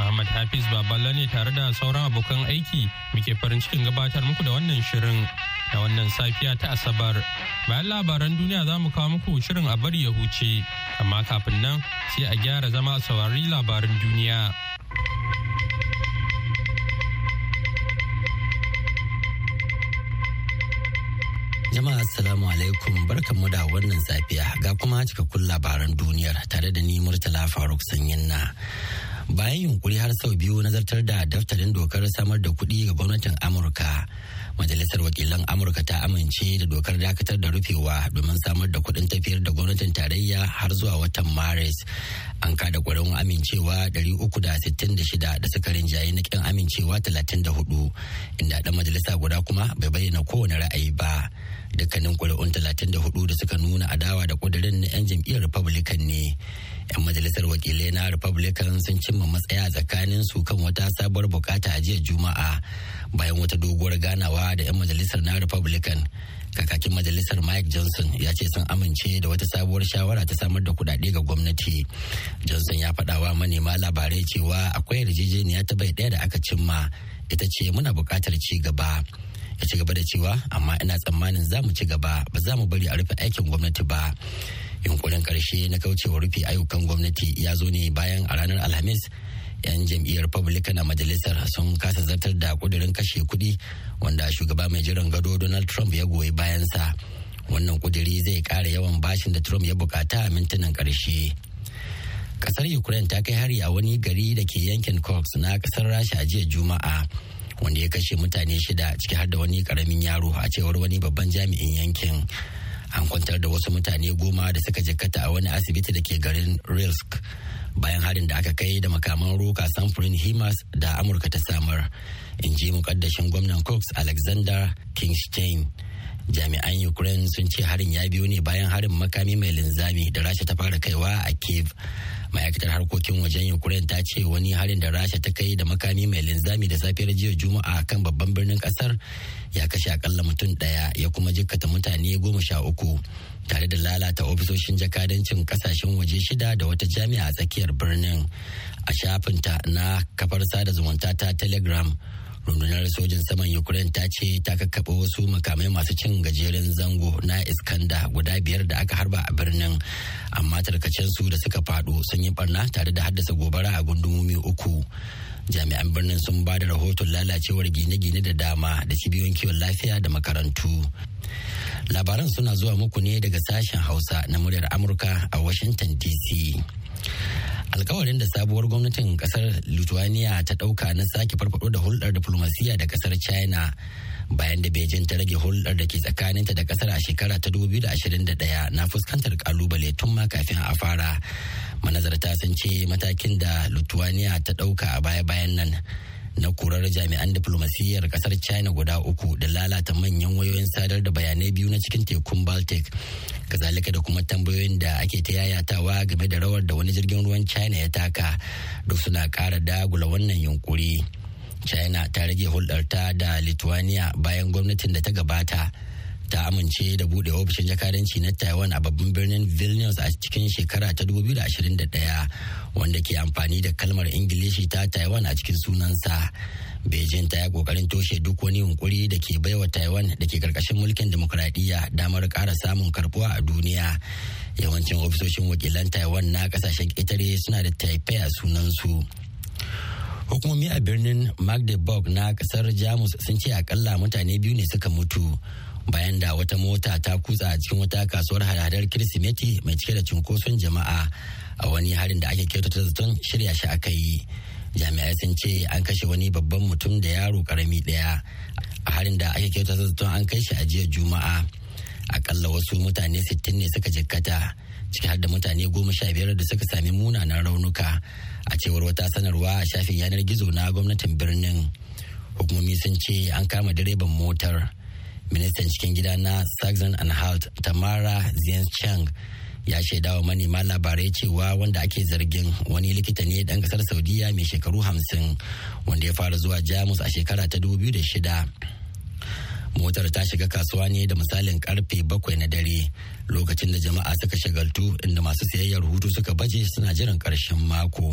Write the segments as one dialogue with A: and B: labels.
A: Muhammad Hafiz Baballa ne tare da sauran abokan aiki muke farin cikin gabatar muku da wannan shirin da wannan safiya ta Asabar. Bayan labaran duniya za mu kawo muku shirin a bari ya huce, amma kafin nan sai a gyara zama a saurari labarin duniya.
B: Jama'a Assalamu alaikum barkanmu da wannan safiya ga kuma cikakkun labaran duniyar tare da ni Murtala Faruk Sanyin na. bayan yunkuri har sau biyu nazartar da daftarin dokar samar da kuɗi ga gwamnatin amurka majalisar wakilan amurka ta amince da dokar dakatar da rufewa domin samar da kuɗin tafiyar da gwamnatin tarayya har zuwa watan maris an kada ƙwarin amincewa 366 da suka rinjaye na ƙin amincewa 34 inda ɗan majalisa guda kuma bai bayyana kowane ra'ayi ba dukkanin ƙuri'un 34 da suka nuna adawa da ƙudurin na 'yan jam'iyyar republican ne 'yan majalisar wakilai na republican sun cimma matsaya tsakanin su kan wata sabuwar bukata a jiya juma'a bayan wata doguwar ganawa da 'yan majalisar na republican kakakin majalisar mike johnson ya ce sun amince da wata sabuwar shawara ta samar da kudade ga gwamnati johnson ya faɗawa manema labarai cewa akwai yarjejeniya ta bai daya da aka cimma ita ce muna bukatar ci gaba ya ci gaba da cewa amma ina tsammanin za mu ci gaba ba za mu bari a rufe aikin gwamnati ba yunkurin karshe na kaucewa rufe ayyukan gwamnati ya zo ne bayan a ranar alhamis 'yan jam'iyyar republican a majalisar sun kasa zartar da kudirin kashe kudi wanda shugaba mai jiran gado donald trump ya goyi bayansa wannan kudiri zai kara yawan bashin da trump ya bukata a mintunan karshe kasar ukraine ta kai hari a wani gari da ke yankin cox na kasar rasha a jiya juma'a wanda ya kashe mutane shida ciki har da wani karamin yaro a cewar wani babban jami'in yankin an kwantar da wasu mutane goma da suka jikkata a wani asibiti da ke garin rilsk bayan harin da aka kai da makaman roka samfurin himas da amurka ta samar in ji mukaddashin gwamnan cox alexander kingstein jami'an ukraine sun ce harin ya biyo ne bayan harin makami mai linzami da rasha ta fara kaiwa a kiev ma'aikatar harkokin wajen ukraine ta ce wani harin da rasha ta kai da makami mai linzami da safiyar jiya juma'a kan babban birnin kasar ya kashe akalla mutum daya ya kuma jikkata mutane goma sha uku tare da lalata ofisoshin jakadancin kasashen waje shida da wata jami'a a tsakiyar birnin a shafinta na kafar sada zumunta ta telegram rundunar sojin saman ukraine ta ce ta kakkaɓe wasu makamai masu cin gajeren zango na iskanda guda biyar da aka harba a birnin amma tarkacensu da suka faɗo sun yi barna tare da haddasa gobara a gundumomi uku jami'an birnin sun ba da rahoton lalacewar gine-gine da dama da cibiyoyin kiwon lafiya da makarantu labaran suna zuwa muku ne daga sashen hausa na muryar amurka a washington dc alkawarin da sabuwar gwamnatin kasar lithuania ta dauka na sake farfado da hulɗar diflomasiyya da kasar china bayan da beijing ta rage hulɗar da ke tsakaninta da kasar a shekara ta 2021 na fuskantar kalubale tun ma kafin a fara manazarta sun ce matakin da lithuania ta dauka a baya-bayan nan na korar jami'an diflomasiyyar kasar china guda uku da lalata manyan wayoyin sadar da bayanai biyu na cikin tekun baltic kazalika da kuma tambayoyin da ake ta yayatawa game da rawar da wani jirgin ruwan china ya taka duk suna kara dagula wannan yunkuri china ta rage hulɗarta da lithuania bayan gwamnatin da ta gabata ta amince da bude ofishin jakadanci na taiwan a babban birnin vilnius a cikin shekara ta 2021 wanda ke amfani da kalmar ingilishi ta taiwan a cikin sunansa beijing ta yi kokarin toshe duk wani yunkuri da ke baiwa taiwan da ke karkashin mulkin demokuraɗiyya damar ƙara samun karbuwa a duniya yawancin ofisoshin wakilan taiwan na kasashen ƙetare suna da taipei a sunansu hukumomi a birnin magdeburg na ƙasar jamus sun ce akalla mutane biyu ne suka mutu bayan da wata mota ta kutsa a cikin wata kasuwar hadadar kirsimeti mai cike da cunkoson jama'a a wani harin da ake ta zaton shirya shi aka yi jami'ai sun ce an kashe wani babban mutum da yaro karami daya a harin da ake ta zaton an kai shi a jiya juma'a akalla wasu mutane sittin ne suka jikkata ciki har da mutane goma sha biyar da suka sami munanan raunuka a cewar wata sanarwa a shafin yanar gizo na gwamnatin birnin hukumomi sun ce an kama direban motar ministan cikin gida na saxon and halt tamara zienchang ya shaida wa manema labarai cewa wanda ake zargin wani likita ne dan kasar saudiya mai shekaru hamsin wanda ya fara zuwa jamus a shekara ta da shida motar ta shiga kasuwa ne da misalin karfe bakwai na dare lokacin da jama'a suka shagaltu inda masu sayayyar hutu suka baje suna jiran karshen mako.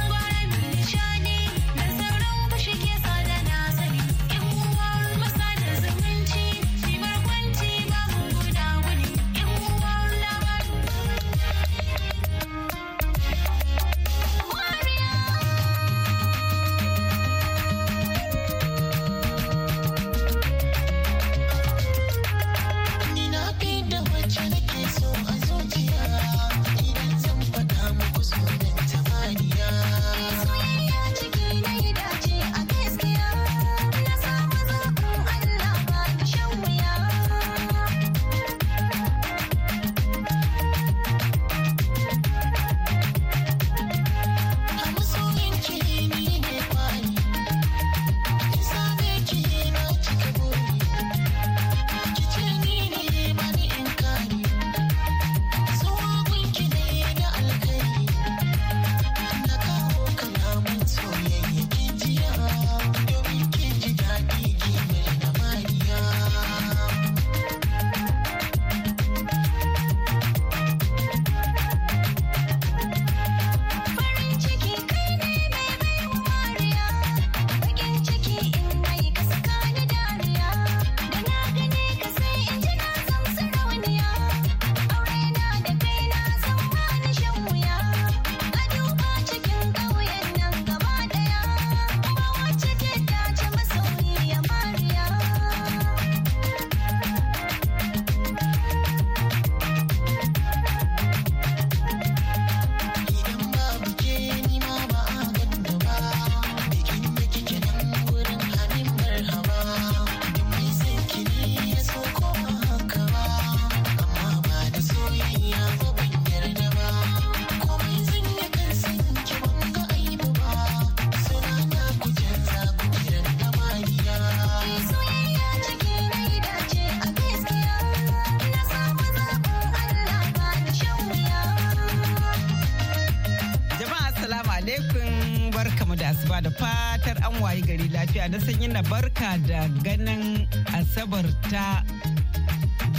C: alaikum mu da asuba da fatar an wayi gari lafiya na sanyi na barka da ganin asabar ta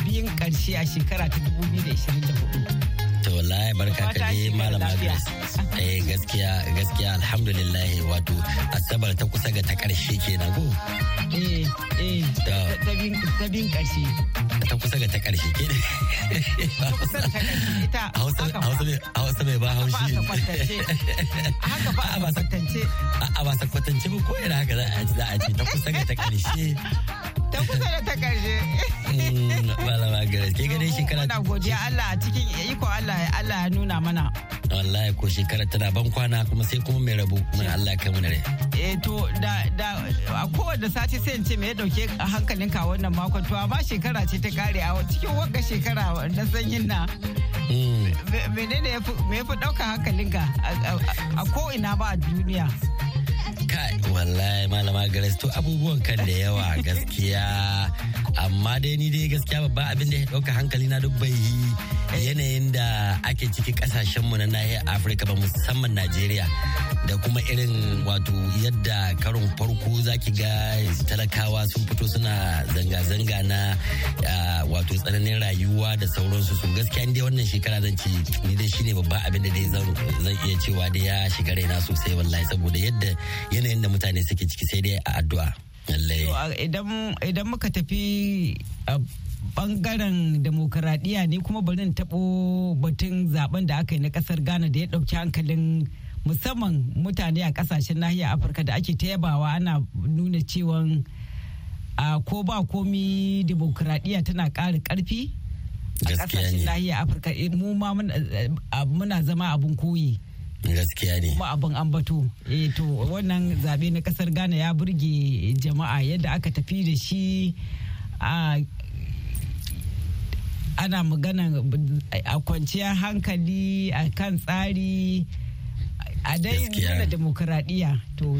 C: biyun karshe a shekara ta 2024.
B: To wallahi barka ka je malama Grace. Eh gaskiya gaskiya alhamdulillah wato asabar ta kusa ga ta karshe kenan go. Eh eh
C: ta biyun karshe.
B: ta kusa ga ta ƙarshe A hausa mai ba haushi a ba kwatance ba ko yana haka za a ce ta kusa ga ta ƙarshe
C: ta kusa da ta karshe mm,
B: malama grace ke gane shekara muna
C: godiya Allah cikin iko Allah Allah ya nuna mana
B: wallahi ko shekara tana ban kwana kuma sai kuma mai rabu mana Allah kai mana rai
C: eh to da da a kowanne sati sai in ce me ya dauke hankalin ka wannan makon to amma shekara ce ta kare a cikin wanga shekara na sanyin na mm. menene ya fi ɗauka hankalinka a ko ina ba a duniya
B: kai wallahi malama gares to abubuwan kan da yawa gaskiya amma dai ni dai gaskiya babba abin da ya ɗauka hankali na duk bai yanayin da ake ciki kasashen mu na nahiyar afirka ba musamman najeriya da kuma irin wato yadda karon farko zaki ga talakawa sun fito suna zanga-zanga na wato tsananin rayuwa da sauransu su gaskiya dai wannan shekara zan ce ni dai shine babba abin da dai zan iya cewa dai ya shiga
C: raina sosai wallahi saboda yadda yanayin da mutane suke ciki sai dai a addu'a. Idan muka tafi a bangaren demokaradiyya ne kuma barin taɓo batun zaben da aka yi na ƙasar ghana da ya ɗauki hankalin musamman mutane a ƙasashen nahiyar afirka da ake ta yabawa ana nuna cewa ko ba komi demokaradiyya tana ƙara ƙarfi a ƙasashen nahiyar afirka eh, eh, muna zama abin koyi. gaskiya ne kuma abin ambato eh to wannan zabe na kasar Ghana ya burge jama'a yadda aka tafi da shi a ana magana a kwanciyar hankali a kan tsari a dai nuna demokuraɗiyya to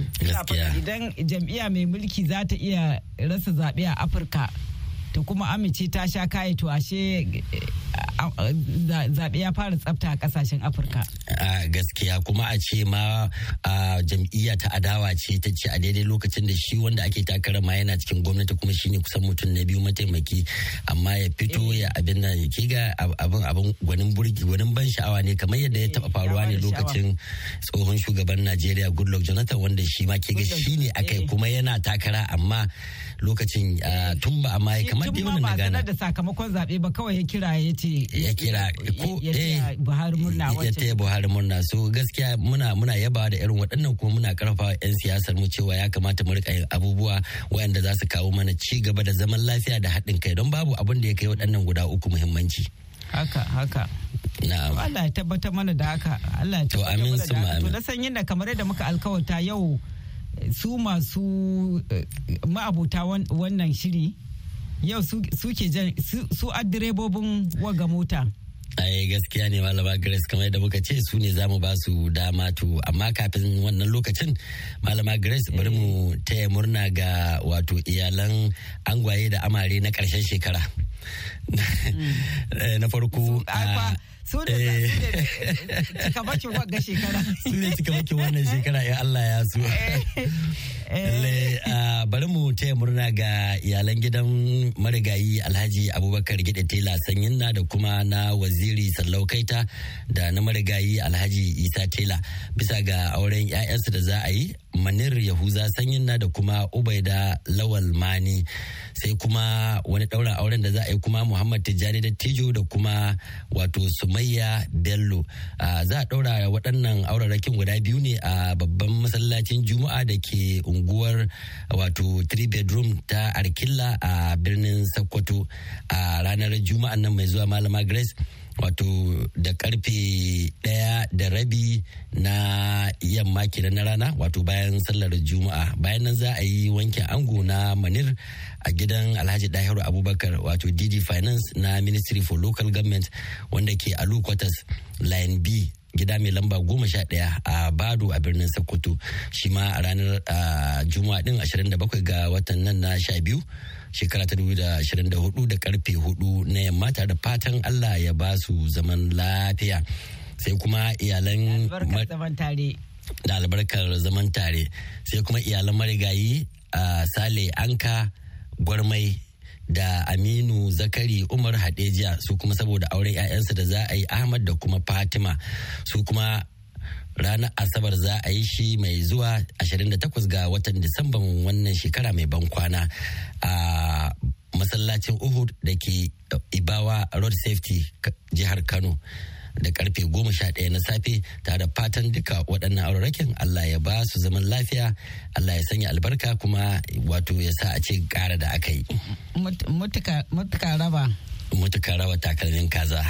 C: idan jam'iyya mai mulki za ta iya rasa zaɓe a afirka to kuma amince ta sha kayi to ashe Uh, zaɓe ya fara tsafta a kasashen afirka
B: a gaskiya kuma a ce ma jam'iyya ta adawa ce ta ce a daidai lokacin da shi wanda ake takara ma yana cikin gwamnati kuma shine kusan mutum na biyu mataimaki amma ya fito eh. ya abin nan ya ga abin abin gwanin burgi gwanin ban sha'awa ne kamar yadda ya taɓa eh, faruwa ne lokacin tsohon shugaban najeriya goodluck jonathan wanda shi ma kiga shi ne aka eh. kuma yana takara amma lokacin tun ba ya kamar da wannan na gana da
C: sakamakon zaɓe ba kawai ya kira ya gwamnati ya kira ko eh Buhari murna wacce ya
B: Buhari murna so gaskiya muna muna yaba da irin waɗannan kuma muna karfa yan siyasar mu cewa ya kamata mu rika yin abubuwa wayanda za su kawo mana ci gaba da zaman lafiya da haɗin kai don babu abin da ya kai waɗannan guda uku muhimmanci
C: haka haka na'am Allah ya tabbatar mana da haka Allah ya tabbatar mana da haka to na san yadda kamar yadda muka alkawarta yau su masu eh, ma'abuta wannan shiri yau su ke jan su adirebobin waga mota
B: ai gaskiya ne malama grace kamar yadda muka ce su ne za mu ba su dama to amma kafin wannan lokacin malama grace bari mu taya murna ga wato iyalan angwaye da amare na karshen shekara mm. eh, na farko
C: su da cika wannan shekara su ne cika
B: wannan shekara ya Allah ya so eh, eh. Ah, bari mu taya murna ga iyalan gidan marigayi alhaji abubakar gida tela sanyin na da kuma na waziri sallau kaita da na marigayi alhaji isa tela bisa ga auren 'ya'yansu da za a yi manir yahuza sanyin na da kuma ubaida lawal mani sai kuma wani ɗaura auren da za a yi kuma muhammad tijjani dattijo da kuma wato sumayya bello za a ɗaura waɗannan aurarakin guda biyu ne a babban masallacin juma'a da ke unguwar wato 3 bedroom ta arkilla a birnin sokoto a ranar juma'an nan mai zuwa malama grace wato da karfe ɗaya da rabi na yamma kenan na rana wato bayan sallar juma'a bayan nan za a yi wankin ango na manir a gidan alhaji dahiru abubakar wato dd finance na ministry for local government wanda ke a quarters line b gida mai lamba goma sha ɗaya a bado a birnin sokoto shi ma a ranar juma'a din 27 ga watan nan na sha biyu shekara ta 2024 da karfe 4 na yamma tare da fatan allah ya ba su zaman lafiya sai kuma iyalan da albarkar zaman tare sai kuma iyalan marigayi a sale anka gwarmai da aminu zakari umar hadejiya su kuma saboda auren 'ya'yansa da za a yi ahmad da kuma fatima su kuma ranar asabar za a yi shi mai zuwa 28 ga watan disamban wannan shekara mai ban kwana a masallacin uhud da ke ibawa road safety jihar kano da karfe goma sha ɗaya na safe tare da fatan duka waɗannan auraraken Allah ya ba su zaman lafiya Allah ya sanya albarka kuma wato ya sa a ce ƙara da aka yi. Mutuka raba. Mutuka raba takalmin kaza.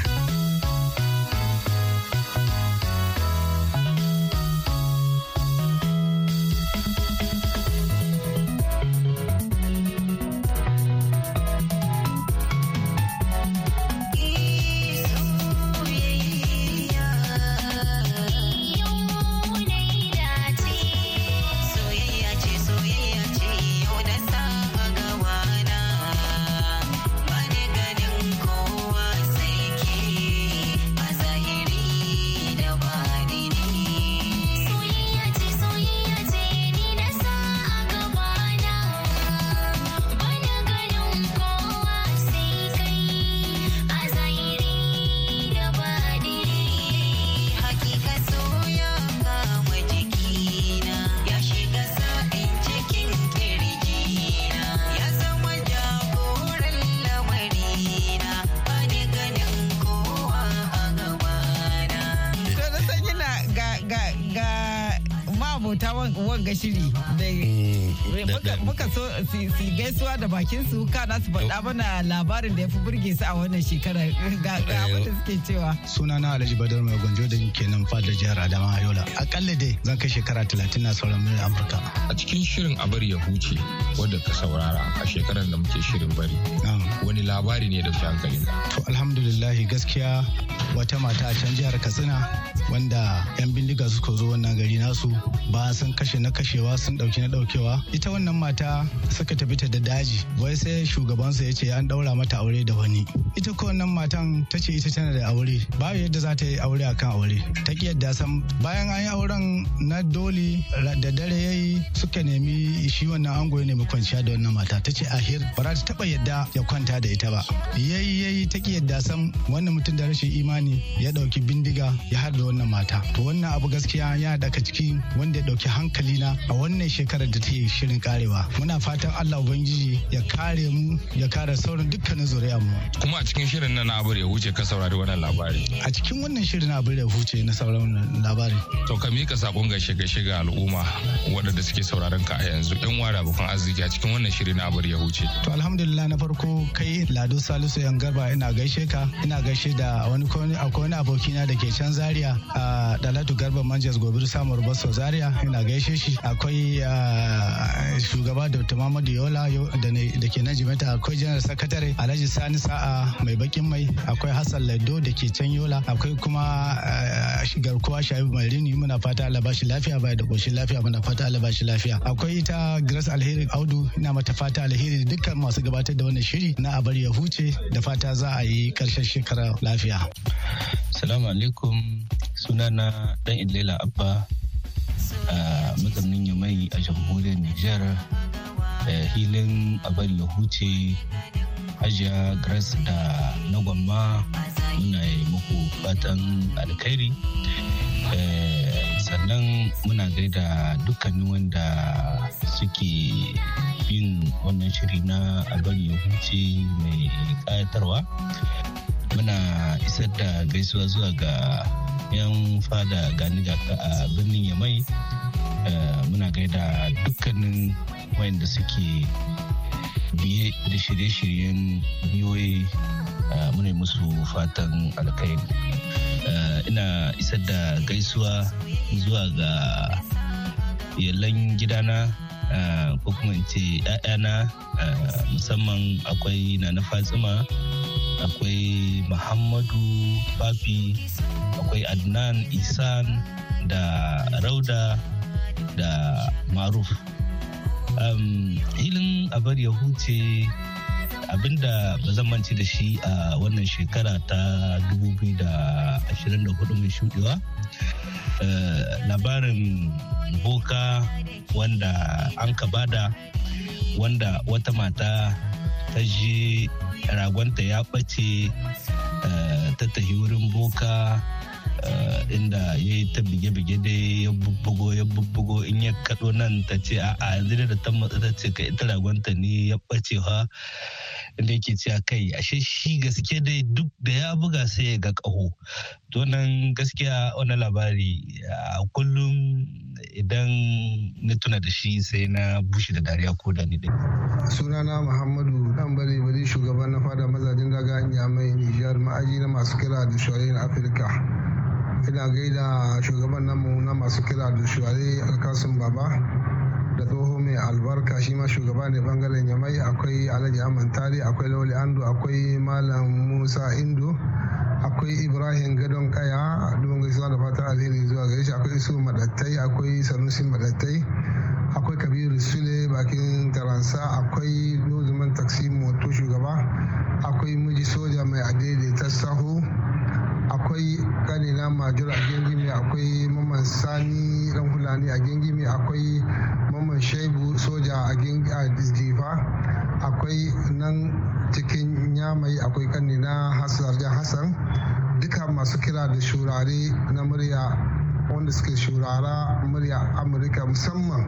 C: ga shiri da Eh, muka so su gaisuwa da bakin su kana su faɗa mana labarin da ya fi burge su a wannan shekarar ga eh, abin da
D: suke cewa suna na alhaji badar mai gwanjo da ke nan fadar jihar adama yola akalla dai zan kai shekara talatin na sauran mil amurka
A: a cikin shirin a bari ya huce wadda ka saurara a shekarar da muke shirin bari wani labari ne da fi hankalin
D: to alhamdulillah gaskiya wata mata a can jihar katsina wanda yan bindiga suka zo wannan gari nasu ba sun kashe na kashewa sun dauki na daukewa ita wannan mata suka tafi ta da daji wai sai shugabansa ya ce an daura mata aure da wani ita ko wannan matan ta ce ita tana da aure babu yadda za ta yi aure akan aure ta ki yadda san bayan an yi auren na doli da dare yayi suka nemi shi wannan ango ya nemi kwanciya da wannan mata ta ce ahir ba za ta taba yadda ya kwanta da ita ba yayi yayi ta ki yadda san wannan mutum da rashin imani ya dauki bindiga ya harbe wannan mata to wannan abu gaskiya ya daga ciki wanda ya dauki hankali na a wannan shekarar da ta yi shirin karewa muna fatan allah ubangiji ya kare mu ya kare sauran dukkanin zuriya mu
A: kuma a cikin shirin nan abu ya huce ka saurari wannan labari
D: a cikin wannan shirin na abu ya huce na sauran labari
A: to ka mika sakon ga shiga shiga al'umma wadanda suke sauraron ka a yanzu ɗan wara abokan arziki a cikin wannan shirin na abu ya huce
D: to alhamdulillah na farko kai lado salisu yan garba ina gaishe ka ina gaishe da wani kone akwai wani abokina da ke can zaria a dalatu garba manjas gobir samur basso zaria ina gaishe shi akwai shugaba dr mamadu yola da ke nan jimeta akwai janar sakatare alhaji sani sa'a mai bakin mai akwai hassan lado da ke can yola akwai kuma eh, garkuwa sha'ibu marini muna fata ala bashi lafiya bai da koshin lafiya muna fata ala bashi lafiya akwai ita grace alheri audu ina mata fata alheri dukkan masu gabatar da wannan shiri na abar ya huce da fata za a yi karshen shekara lafiya.
E: Salamu alaikum sunana dan Ilela Abba a ah, mazaunin yamai a jamhuriyar Nijar eh, hilin abar ya huce hajiya gras da na muna yi muku fatan alkhairi eh, sannan muna gaida dukkanin wanda suke yin wannan shiri na abar ya huce mai kayatarwa muna isar da gaisuwa zuwa ga 'yan fada gani a birnin yamai eh, muna gaida dukkanin wayanda suke biye da shirye-shiryen biyoyi eh, muna musu fatan alkaim. Eh, ina isar da gaisuwa zuwa ga yalan gidana ko kuma ce 'ya'yana musamman akwai na na fatsima akwai muhammadu fafi akwai adnan isan da rauda da maruf um, hilin abar ya huce abinda ba zan mance da shi a wannan shekara ta 2024 mai shudewa eh, labarin boka wanda an ka bada wanda wata mata ta je ragonta ya ɓace eh, ta tafi wurin boka eh, inda ya yi ta bige-bige dai ya bubbugo ya bubbugo in ya kaɗo nan ta ce a yanzu da ta matsa ta ce ka ita ragonta ni ya ɓace ha inda yake cewa kai ashe shi gaske dai duk da ya buga sai ya ga ƙaho donan gaskiya wani labari a kullum idan na tuna da shi sai na bushe da dariya ko da ni dai
F: sunana muhammadu dan bare bari shugaban na fada mazajin daga Mai nijar ma'aji na masu kira da shoyin afirka ina gaida shugaban namu na masu kira da shuware alkasun baba mai albarka shi ma shugaba ne bangaren yamai akwai alhaji aman akwai lauli ando akwai malam musa indo akwai ibrahim gadon kaya dubin gaisuwa da fatan alheri zuwa gare shi akwai isu madattai akwai sanusi madattai akwai kabiru sule bakin taransa akwai dozuman taksi moto shugaba akwai miji soja mai adaidaita saho akwai kanina major a gengime akwai maman sani dan fulani a gengime akwai mamman shaibu soja a jifa akwai nan cikin nyamai akwai kanni na hasarjan hassan duka masu kira da shurare na murya wanda suke shurara murya amurka musamman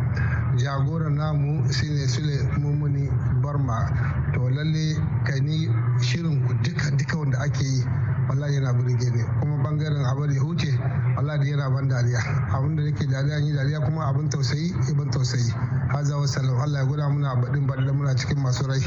F: jagoran namu shine sule mumuni barma to lalle kani shirin ku duka duka wanda ake yi wallahi yana burge ne kuma bangaren abar yahudi wallahi yana ban dariya abinda nake dariya ni dariya kuma abin tausayi ibin eh, tausayi haza wasallam Allah ya guda muna baɗin baɗin muna cikin masu rai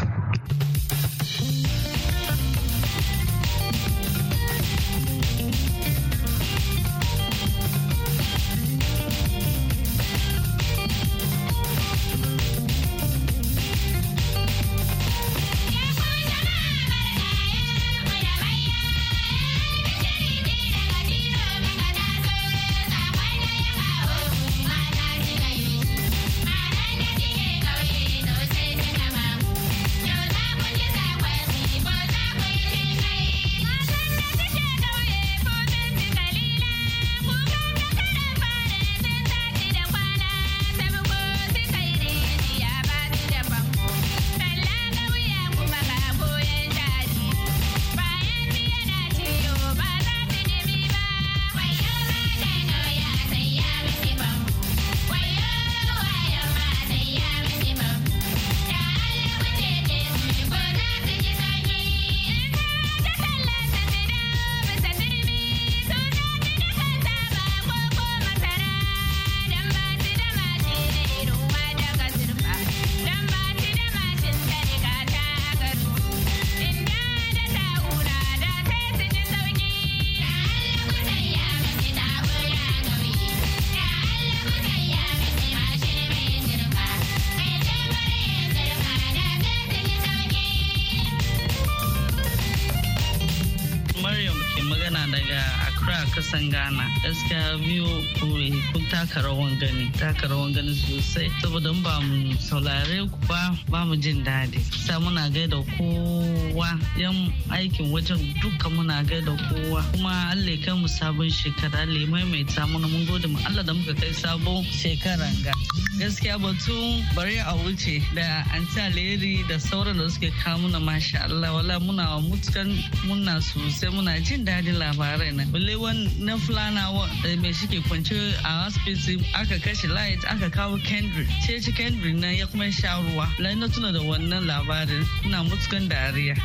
C: kasan ghana gaskiya biyo kun taka rawan gani taka rawan gani sosai saboda ba mu saulare ku ba ba mu jin daɗi sa muna gaida kowa yan aikin wajen duka muna gaida kowa kuma allah kai mu sabon shekara allah maimaita mana mun gode mu allah da muka kai sabon shekaran ga gaskiya batun bari a wuce da alheri da sauran da suke kawo muna masha Allah wala muna mutukan muna sosai muna jin daɗin labarai na balle na fulana eh, mai shike kwance a hospital aka kashe light aka kawo kendrick ce kendrick na ya kuma sha ruwa la na tuna da wannan labarin ina mutukan dariya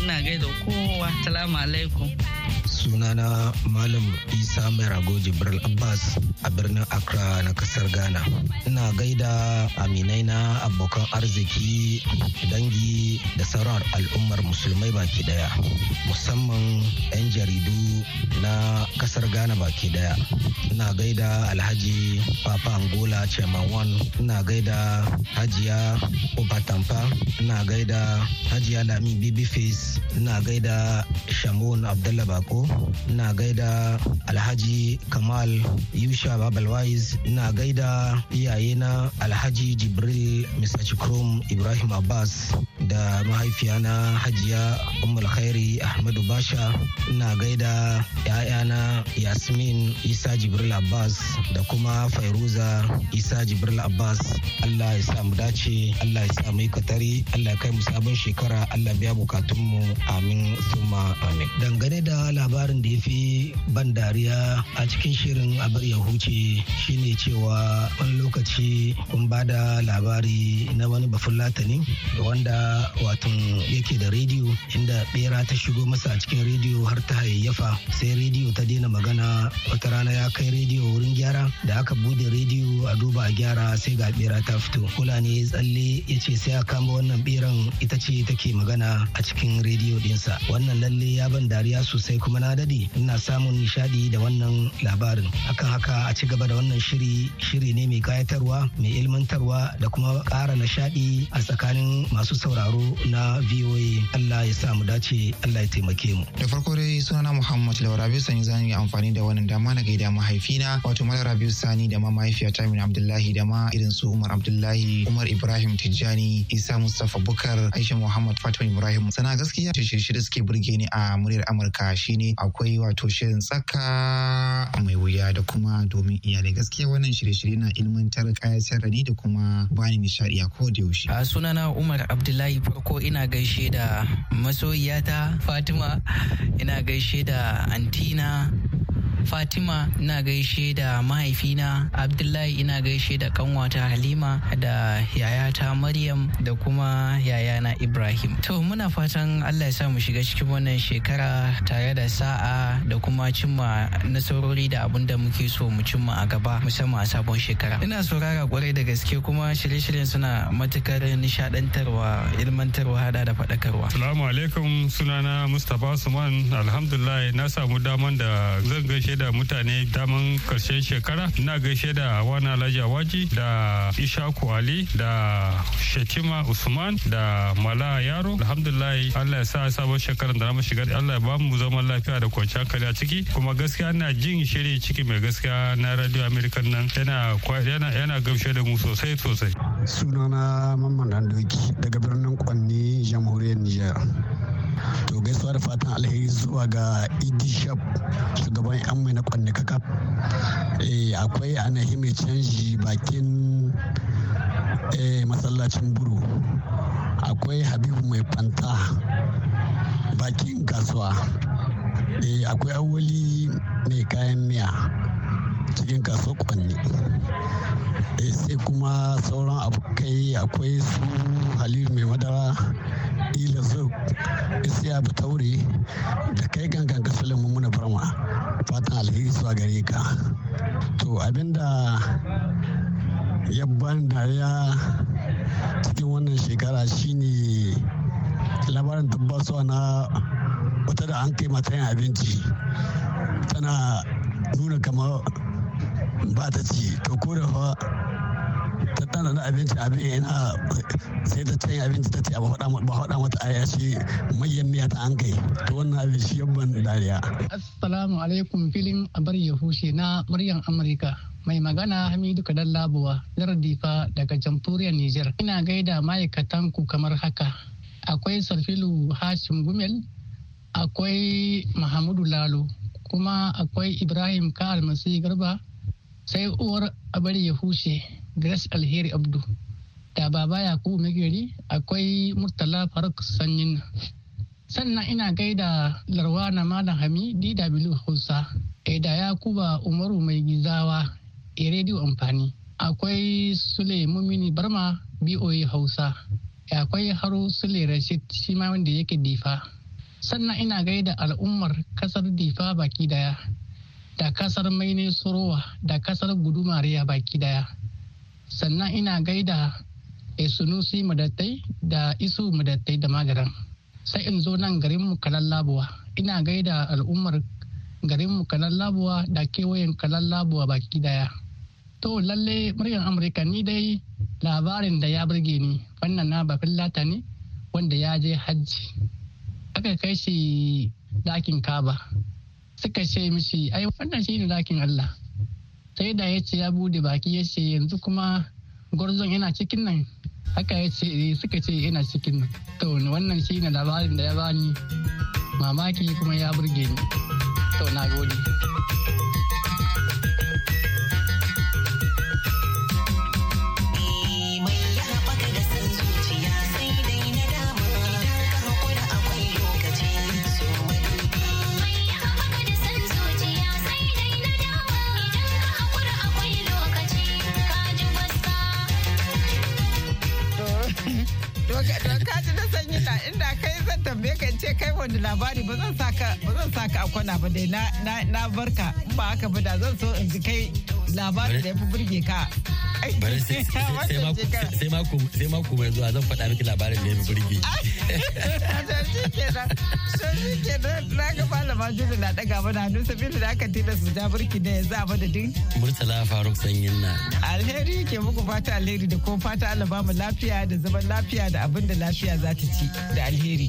C: ina gaida kowa salamu alaikum
G: sunana malam isa mai rago jibril abbas a birnin Accra na kasar Ghana. Ina gaida aminai na abokan arziki, dangi da sauran al'ummar musulmai baki daya, musamman 'yan jaridu na kasar Ghana baki daya. Ina gaida Alhaji Papa Angola Chairman One, ina gaida Hajiya Obatampa, ina gaida Hajiya Lami Bibi Face, ina gaida Shamun Abdullah Bako, ina gaida Alhaji Kamal Yusha Musa Babalwais na gaida iyayena Alhaji Jibril Mr. Krom Ibrahim Abbas da mahaifiyana Hajiya Ummul Khairi Ahmadu Basha na gaida ‘ya'yana Yasmin Isa Jibril Abbas da kuma Fairuza Isa Jibril Abbas Allah ya samu mu dace Allah ya samu mu katari Allah ya kai mu sabon shekara Allah biya bukatunmu amin suma amin dangane da labarin da ya fi ban dariya a cikin shirin abar ya ce shine cewa wani lokaci kun ba da labari na wani bafulatani wanda wato yake da rediyo inda bera ta shigo masa a cikin rediyo har ta hayayyafa sai rediyo ta daina magana wata rana ya kai rediyo wurin gyara da aka bude rediyo a duba a gyara sai ga bera ta fito kula ne tsalle ya ce sai a kama wannan beran ita ce take magana a cikin rediyo dinsa wannan lalle ya ban dariya sosai kuma na dade ina samun nishadi da wannan labarin Hakan haka ci gaba da wannan shiri shiri ne mai gayatarwa mai ilmantarwa da kuma ƙara nishaɗi a tsakanin masu sauraro na VOA Allah ya sa mu dace Allah ya taimake mu. Da farko dai sunana Muhammad Lawal Rabiu Sani zan yi amfani da wannan dama na gaida mahaifina wato Malam Rabiu Sani da ma mahaifiyata Amina Abdullahi da ma irin su Umar Abdullahi Umar Ibrahim Tijjani Isa Mustapha Bukar Aisha Muhammad Fatima Ibrahim sana gaskiya ta shirye suke burge ni a muryar Amurka shine akwai wato shirin tsaka mai wuya da kuma domin iyali gaskiya wannan shirye-shirye na ilmantar kayatar ni da kuma bani nishadi a ko da yaushe a
C: sunana Umar Abdullahi farko ina gaishe da masoyiyata Fatima ina gaishe da antina fatima ina gaishe da mahaifina abdullahi ina gaishe da kanwata halima da yayata maryam da kuma yayana ibrahim to muna fatan allah ya sa mu shiga cikin wannan shekara tare da sa'a da kuma cimma nasarori da abin da muke so mu cimma a gaba musamman a sabon shekara ina saurara kwarai da gaske kuma shirye-shiryen suna matukar nishadantarwa ilmantarwa hada
G: da faɗakarwa
A: salamu alaikum sunana mustapha suman alhamdulillah na samu daman da zan gaishe gaishe da mutane daman karshen shekara ina gaishe da wani alhaji awaji da ishaku ali da shatima usman da mala yaro alhamdulillah allah ya sa sabon shekarar da na shiga allah ya ba mu zaman lafiya da kwanciyar hankali a ciki kuma gaskiya na jin shiri ciki mai gaskiya na radio american nan yana yana yana gamshe da mu sosai sosai
H: sunana mamman doki daga birnin kwanni jamhuriyar nijar to gaisuwa da fatan alheri zuwa ga idi shab shugaban yan mai na kwanne kaka eh, akwai anahi mai canji bakin eh, masallacin buru akwai habibu mai fanta bakin kasuwa eh, akwai awali mai kayan miya cikin kaso kwanne sai kuma sauran abokai akwai su Halilu mai madara ila zo isiya bu taure da kai gangan gasulin mummuna barma fatan alheri zuwa gare ka to abinda ya ban dariya cikin wannan shekara shine labarin tabbasuwa na wata da an kai mata yin abinci tana nuna kamar ba ta ci to ko da ta tana da abinci abin yana sai ta cin abinci ta ce ba faɗa mata a ce mayan miya ta an kai ta wannan abin shi yabban dariya.
I: Assalamu alaikum filin abar yahushe na muryan Amurka. mai magana hamidu kadan labuwa difa daga jamhuriyar nijar. ina gaida ku kamar haka akwai sarfilu hashim gumel akwai mahamudu lalo kuma akwai ibrahim ka almasi garba sai uwar abar ya hushe grace alheri abdu da baba yakubu gari akwai murtala faruk sanyin sannan ina gaida na malam hami dw hausa eh, da ya kuba umaru mai gizawa a eh, rediyo amfani akwai sule mumini barma boa hausa eh, akwai haro sule rashid shi ma wanda yake difa sannan ina gaida al'ummar kasar difa baki daya da kasar maine surowa da kasar gudumariya baki daya sannan ina gaida sunusi madattai da isu madattai da magaran sai in zo nan garin mu kalan labuwa ina gaida al'ummar garin mu kalan labuwa da kewayen kalan labuwa baki daya to lalle muryan amurka ni dai labarin da ya burge ni wannan na bafin lata ne wanda ya je hajji aka kai shi dakin kaba suka ce mishi ai wannan shi ne dakin allah sai da ya ce ya bude baki ya ce yanzu kuma gwarzon yana cikin nan haka ya ce eh, suka ce yana cikin nan to wannan shi ne labarin da ya bani mamaki kuma ya burge ni to na gode
C: kaji na sanyi na inda kai zan tambaye ka ce kai wani labari ba zan saka ba zan saka a kwana ba dai na barka ba haka ba da zan so in ji kai labarin da ya fi burge ka sai
B: mako mai zuwa zan faɗa miki labarin da ya fi
C: Shi ke nan, na ga malama Juli na ɗaga mana hannu sabili da aka tilasta su ja burki da yanzu a madadin.
B: Murtala Faruk Sanyin na.
C: Alheri ke muku fata alheri da kuma fata Allah ba mu lafiya da zaman lafiya da abin da lafiya za ta ci
A: da alheri.